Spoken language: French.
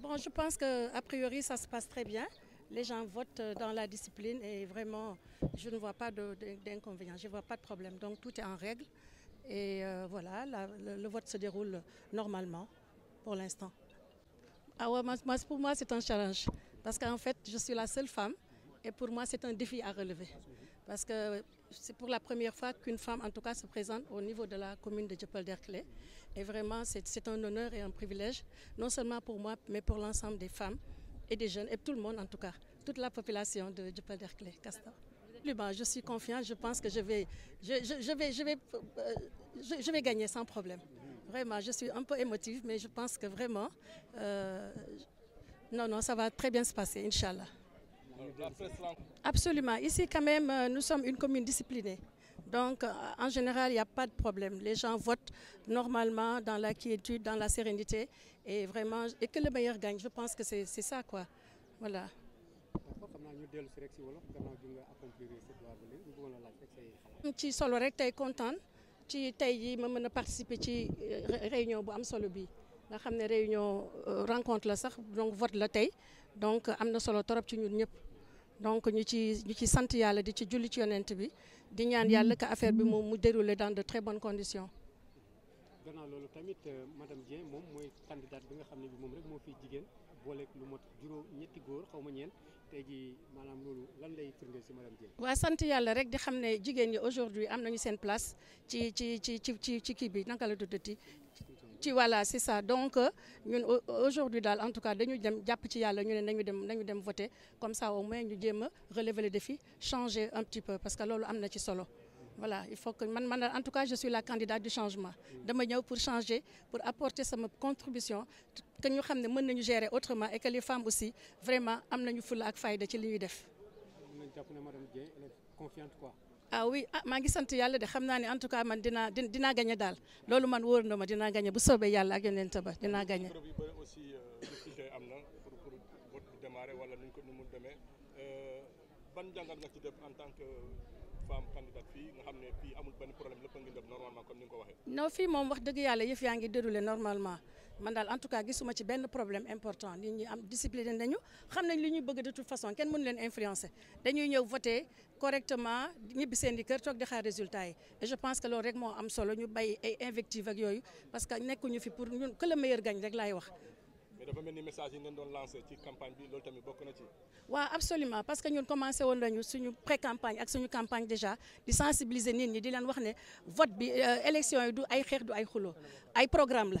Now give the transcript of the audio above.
Bon, je pense que a priori, ça se passe très bien. Les gens votent euh, dans la discipline et vraiment, je ne vois pas d'inconvénient, je ne vois pas de problème. Donc tout est en règle et euh, voilà, le, vote se déroule normalement pour l'instant. Ah ouais, pour moi, c'est un challenge parce qu'en fait, je suis la seule femme et pour moi, c'est un défi à relever. Parce que c'est pour la première fois qu'une femme, en tout cas, se présente au niveau de la commune de djepel derclé Et vraiment, c'est un honneur et un privilège, non seulement pour moi, mais pour l'ensemble des femmes et des jeunes, et tout le monde en tout cas, toute la population de djepel derclé Castor. Je suis confiante, je pense que je vais, je, vais, je, vais, euh, je, vais gagner sans problème. Vraiment, je suis un peu émotive, mais je pense que vraiment, euh, non, non, ça va très bien se passer, Inch'Allah. Absolument. Ici, quand même, euh, nous sommes une commune disciplinée. Donc, euh, en général, il n'y a pas de problème. Les gens votent normalement dans la quiétude, dans la sérénité. Et vraiment, et que le meilleur gagne. Je pense que c'est ça, quoi. Voilà. ci solo rek tey content, ci tey jii ma participer euh, réunion bu am solo bi réunion rencontre la sax donc vote la tey donc am na solo torop ci ñun donc ñu ci ñu ci sante yalla di ci julli ci yonent bi di ñaan mm. yalla ka affaire bi moom mu déroulé dans de très bonnes conditions. gëna lolu tamit euh, madame Dieng mom moy candidate bi nga xamné bi mom rek mo fi jigen bolé lu mot juro ñetti goor xawma ma ñeent tey jii maanaam lan lay firndeel ci madame Dieng. wa sante yalla rek di xamné jigen yi aujourd'hui am nañu seen place ci ci ci ci ci kii bi naka la tuddati voilà c'est ça donc euh, aujourd'hui en tout cas nous dem voter comme ça au moins nous devons relever le défi changer un petit peu parce que nous amna ci solo voilà il faut que en tout cas je suis la candidate du changement dama ñeu pour changer pour apporter sa contribution que nous xamné gérer autrement et que les femmes aussi vraiment nous nañu la ak fayda ci li ah wi ah maa ngi sant yàlla de xam naa ne en tout cas man dinaa dinaa gañe daal loolu man wóor na ma dinaa gañe bu soobee yàlla ak yonent ba dinaa gañe euh, euh, ban jàngat nga ci def en tant que femme candidate fii nga xam ne fii amul benn problème lépp a ngi dem normalement comme ni ko waxee. non fii moom wax dëgg yàlla yëf yaa ngi déroulé normalement man dal en tout cas gisuma ci ben problème important nit ñi am discipline nañu xam nañ li ñuy bëgg de toute façon kenn mënu leen influencer dañuy ñëw voter correctement ñibbi seen di kër tok di xaar résultat yi et je pense que lool rek mo am solo ñu bàyyi ay invective ak yoyu parce que ñu fi pour ñun que le meilleur gagne rek lay wax. mais dafa melni message yi ngeen doon lancé ci campagne bi lool tamit bokk na ci. wa absolument parce que ñun commencé woon nañu suñu pré campagne ak suñu campagne déjà di sensibiliser nit ñi di leen wax ne vote bi euh, élection yi du ay xeex du ay xulo ay programme la.